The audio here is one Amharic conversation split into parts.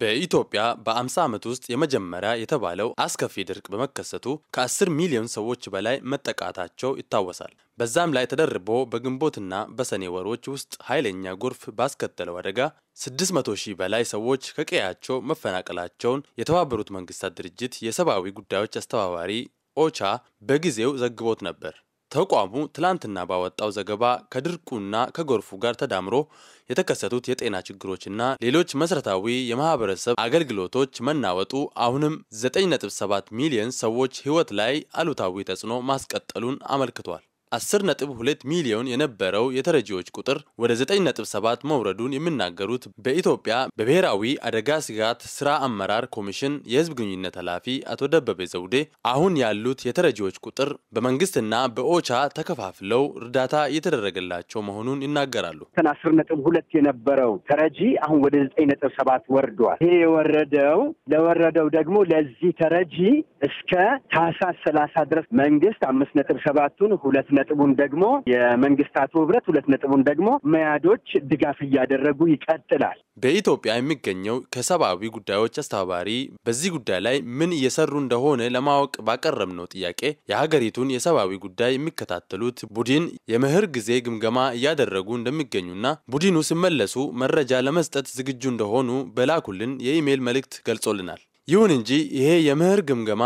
በኢትዮጵያ በ50 ዓመት ውስጥ የመጀመሪያ የተባለው አስከፊ ድርቅ በመከሰቱ ከ10 ሚሊዮን ሰዎች በላይ መጠቃታቸው ይታወሳል። በዛም ላይ ተደርቦ በግንቦትና በሰኔ ወሮች ውስጥ ኃይለኛ ጎርፍ ባስከተለው አደጋ 600 ሺህ በላይ ሰዎች ከቀያቸው መፈናቀላቸውን የተባበሩት መንግስታት ድርጅት የሰብአዊ ጉዳዮች አስተባባሪ ኦቻ በጊዜው ዘግቦት ነበር። ተቋሙ ትላንትና ባወጣው ዘገባ ከድርቁና ከጎርፉ ጋር ተዳምሮ የተከሰቱት የጤና ችግሮችና ሌሎች መሰረታዊ የማህበረሰብ አገልግሎቶች መናወጡ አሁንም 9.7 ሚሊዮን ሰዎች ሕይወት ላይ አሉታዊ ተጽዕኖ ማስቀጠሉን አመልክቷል። 10.2 ሚሊዮን የነበረው የተረጂዎች ቁጥር ወደ 9.7 መውረዱን የሚናገሩት በኢትዮጵያ በብሔራዊ አደጋ ስጋት ስራ አመራር ኮሚሽን የህዝብ ግንኙነት ኃላፊ አቶ ደበበ ዘውዴ አሁን ያሉት የተረጂዎች ቁጥር በመንግስትና በኦቻ ተከፋፍለው እርዳታ እየተደረገላቸው መሆኑን ይናገራሉ። 10.2 የነበረው ተረጂ አሁን ወደ 9.7 ወርዷል። ይሄ የወረደው ለወረደው ደግሞ ለዚህ ተረጂ እስከ ታህሳስ 30 ድረስ መንግስት 5.7ቱን ሁለት ነጥቡን ደግሞ የመንግስታቱ ህብረት ሁለት ነጥቡን ደግሞ መያዶች ድጋፍ እያደረጉ ይቀጥላል። በኢትዮጵያ የሚገኘው ከሰብአዊ ጉዳዮች አስተባባሪ በዚህ ጉዳይ ላይ ምን እየሰሩ እንደሆነ ለማወቅ ባቀረብነው ጥያቄ የሀገሪቱን የሰብአዊ ጉዳይ የሚከታተሉት ቡድን የምህር ጊዜ ግምገማ እያደረጉ እንደሚገኙና ቡድኑ ሲመለሱ መረጃ ለመስጠት ዝግጁ እንደሆኑ በላኩልን የኢሜይል መልእክት ገልጾልናል። ይሁን እንጂ ይሄ የምህር ግምገማ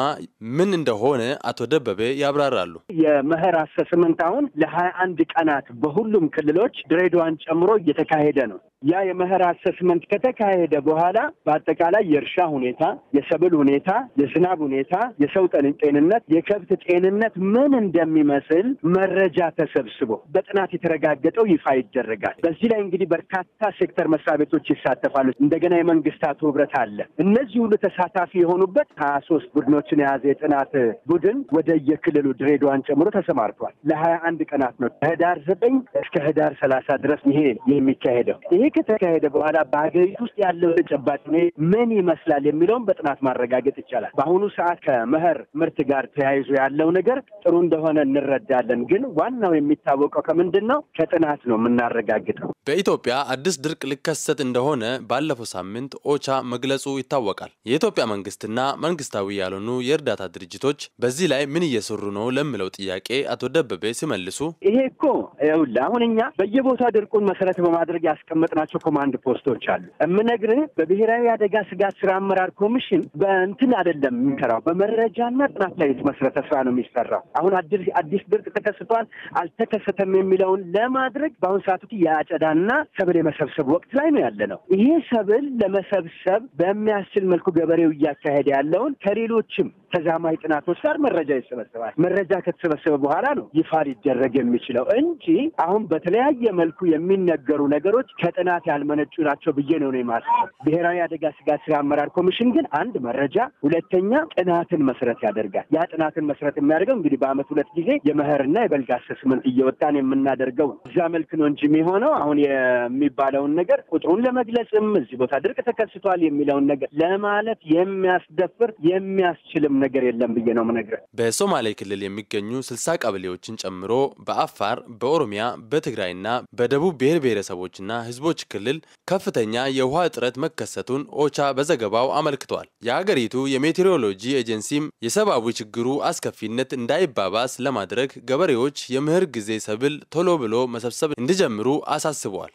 ምን እንደሆነ አቶ ደበበ ያብራራሉ። የምህር አሰስመንት አሁን ለሀያ አንድ ቀናት በሁሉም ክልሎች ድሬዳዋን ጨምሮ እየተካሄደ ነው። ያ የምህር አሰስመንት ከተካሄደ በኋላ በአጠቃላይ የእርሻ ሁኔታ፣ የሰብል ሁኔታ፣ የዝናብ ሁኔታ፣ የሰው ጤንነት፣ የከብት ጤንነት ምን እንደሚመስል መረጃ ተሰብስቦ በጥናት የተረጋገጠው ይፋ ይደረጋል። በዚህ ላይ እንግዲህ በርካታ ሴክተር መስሪያ ቤቶች ይሳተፋሉ። እንደገና የመንግስታቱ ህብረት አለ። እነዚህ ሁሉ ተሳ ተሳታፊ የሆኑበት ሀያ ሶስት ቡድኖችን የያዘ የጥናት ቡድን ወደ የክልሉ ድሬዳዋን ጨምሮ ተሰማርቷል። ለሀያ አንድ ቀናት ነው ከህዳር ዘጠኝ እስከ ህዳር ሰላሳ ድረስ ይሄ የሚካሄደው። ይሄ ከተካሄደ በኋላ በሀገሪቱ ውስጥ ያለው ተጨባጭ ሁኔ ምን ይመስላል የሚለውን በጥናት ማረጋገጥ ይቻላል። በአሁኑ ሰዓት ከመኸር ምርት ጋር ተያይዞ ያለው ነገር ጥሩ እንደሆነ እንረዳለን። ግን ዋናው የሚታወቀው ከምንድን ነው? ከጥናት ነው የምናረጋግጠው። በኢትዮጵያ አዲስ ድርቅ ሊከሰት እንደሆነ ባለፈው ሳምንት ኦቻ መግለጹ ይታወቃል። የኢትዮጵያ መንግስትና መንግስታዊ ያልሆኑ የእርዳታ ድርጅቶች በዚህ ላይ ምን እየሰሩ ነው ለምለው ጥያቄ አቶ ደበቤ ሲመልሱ ይሄ እኮ ይኸውልህ አሁን እኛ በየቦታው ድርቁን መሰረት በማድረግ ያስቀመጥናቸው ኮማንድ ፖስቶች አሉ። እምነግርህ በብሔራዊ አደጋ ስጋት ስራ አመራር ኮሚሽን በእንትን አይደለም የሚሰራው በመረጃና ጥናት ላይ የተመሰረተ ስራ ነው የሚሰራው። አሁን አዲስ ድርቅ ተከስቷል አልተከሰተም የሚለውን ለማድረግ በአሁን ሰዓት የአጨዳና ሰብል የመሰብሰብ ወቅት ላይ ነው ያለ ነው። ይሄ ሰብል ለመሰብሰብ በሚያስችል መልኩ ገበሬው እያካሄደ ያለውን ከሌሎችም ተዛማጅ ጥናቶች ጋር መረጃ ይሰበሰባል። መረጃ ከተሰበሰበ በኋላ ነው ይፋ ሊደረግ የሚችለው እንጂ አሁን በተለያየ መልኩ የሚነገሩ ነገሮች ከጥናት ያልመነጩ ናቸው ብዬ ነው የማስበው። ብሔራዊ አደጋ ስጋት ስራ አመራር ኮሚሽን ግን አንድ መረጃ፣ ሁለተኛ ጥናትን መሰረት ያደርጋል። ያ ጥናትን መሰረት የሚያደርገው እንግዲህ በአመት ሁለት ጊዜ የመኸርና የበልግ አሰስመንት እየወጣን የምናደርገው እዛ መልክ ነው እንጂ የሚሆነው አሁን የሚባለውን ነገር ቁጥሩን ለመግለጽም እዚህ ቦታ ድርቅ ተከስቷል የሚለውን ነገር ለማለት የሚያስደፍር የሚያስችልም ነገር የለም ብዬ ነው ምነግር። በሶማሌ ክልል የሚገኙ ስልሳ ቀበሌዎችን ጨምሮ በአፋር፣ በኦሮሚያ፣ በትግራይና በደቡብ ብሔር ብሔረሰቦችና ህዝቦች ክልል ከፍተኛ የውሃ እጥረት መከሰቱን ኦቻ በዘገባው አመልክቷል። የሀገሪቱ የሜቴሮሎጂ ኤጀንሲም የሰብአዊ ችግሩ አስከፊነት እንዳይባባስ ለማድረግ ገበሬዎች የምህር ጊዜ ሰብል ቶሎ ብሎ መሰብሰብ እንዲጀምሩ አሳስቧል።